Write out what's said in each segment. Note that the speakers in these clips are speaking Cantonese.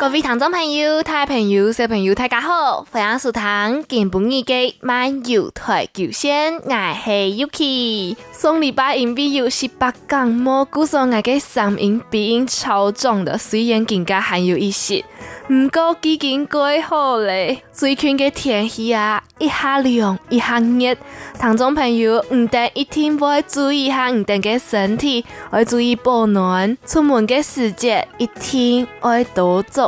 各位觀眾朋友、大朋友、小朋友大家好，歡迎收看本期嘅漫遊台九線，我係 Yuki。上禮拜因比有十八降，莫姑送我個聲音鼻音，超重的，雖然更加含有意識。唔過基金改好咧。最近嘅天氣啊，一下涼一下熱，觀眾朋友唔但一定要注意下唔但嘅身體，要注意保暖，出門嘅時節一定愛多着。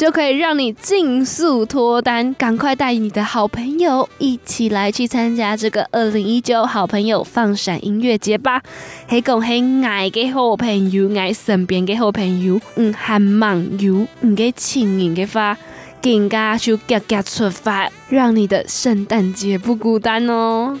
就可以讓你盡速脫單，趕快帶你的好朋友一起來去參加這個二零一九好朋友放閃音樂節吧！還講係愛嘅好朋友，愛身邊嘅好朋友，唔喊網友，唔嘅親人嘅話，更加要積極出發，讓你的聖誕節不孤單哦！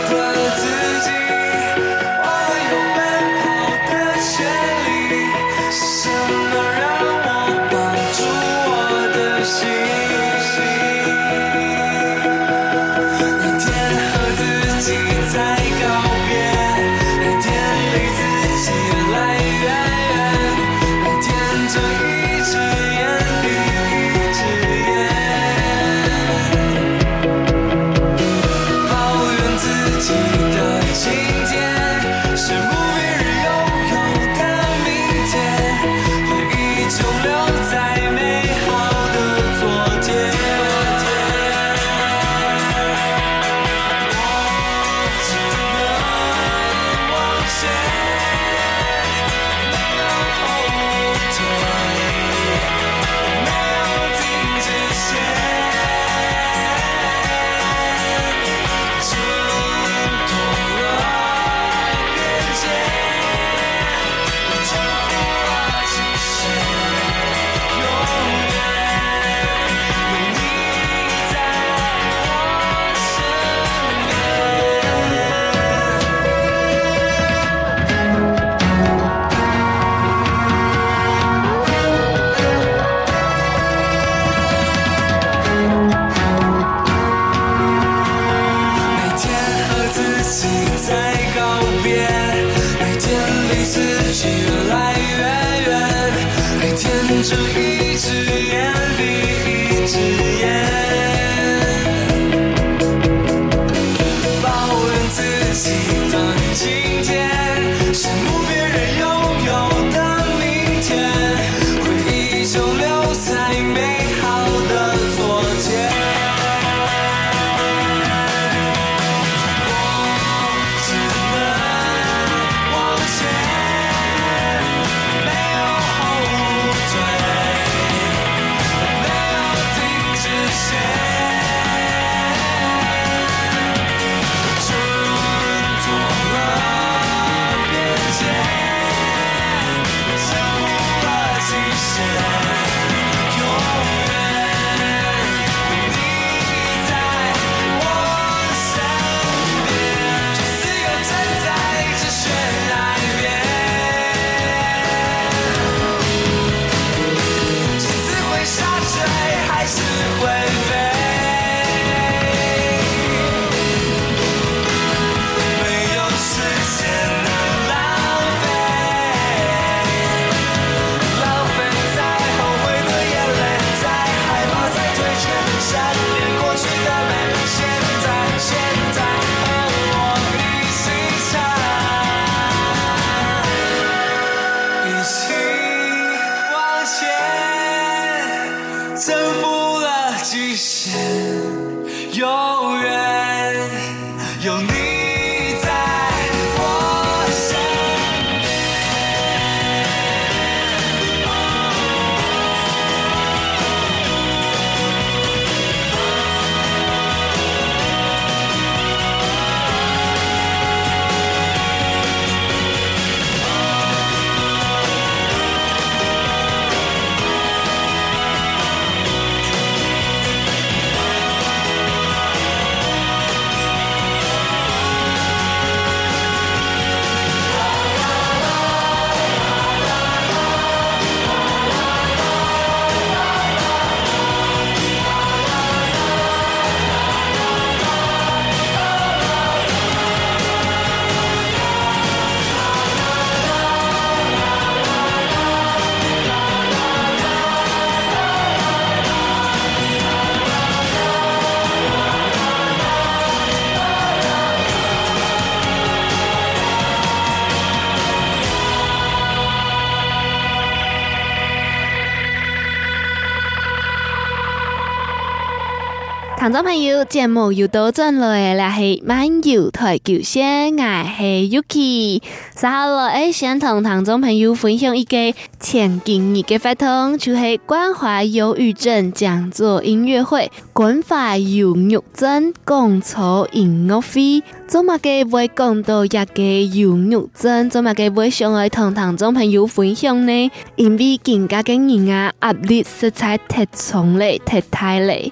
聽眾朋友，節目又到呢度嚟，係慢搖台橋聲，我係 Yuki。稍後我誒想同聽眾朋友分享一個前幾年嘅活動，就是關懷憂鬱症講座音樂會。關懷憂鬱症，講座音樂會，點解會講到一個憂鬱症，點解會想要同聽眾朋友分享呢，因為近家嘅人啊，壓力實在太重咧，太大咧。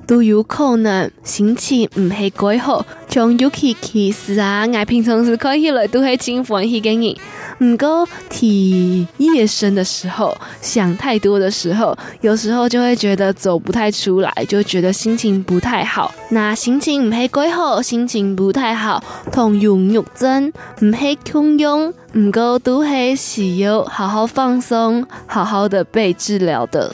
都有可能心情唔係幾好，像尤其其實啊，我平常時看起來都是輕緩去經營。唔過，體夜深的時候，想太多的時候，有時候就會覺得走不太出來，就覺得心情不太好。那心情唔係幾好，心情不太好，同用藥針唔係強用，唔過都係是要好好放鬆，好好的被治療的。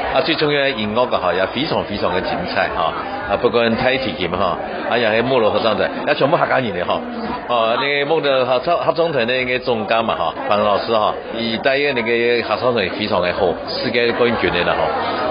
啊，最重要的音樂個哈，也非常非常嘅精彩哈，啊，不管太極劍嘛哈，啊，又係莫老校長在，啊，全部客家語嚟哈，哦，你莫到合唱合唱團嘅總監嘛哈，范老師哈，伊帶的那個合唱團非常嘅好，世界冠軍嚟啦哈。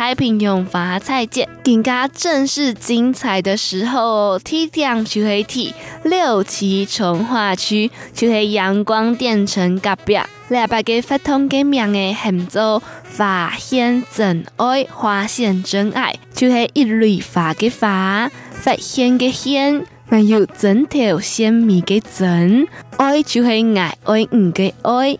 太平洋花菜節今個正是精彩的時候哦！地點就喺，六旗從化區就喺陽光電城隔壁，兩百個法通嘅名嘅，喊做花現真愛，花現真愛就係一蕊花嘅花，花現嘅現，還有整條線面嘅真愛，就係愛愛唔嘅愛。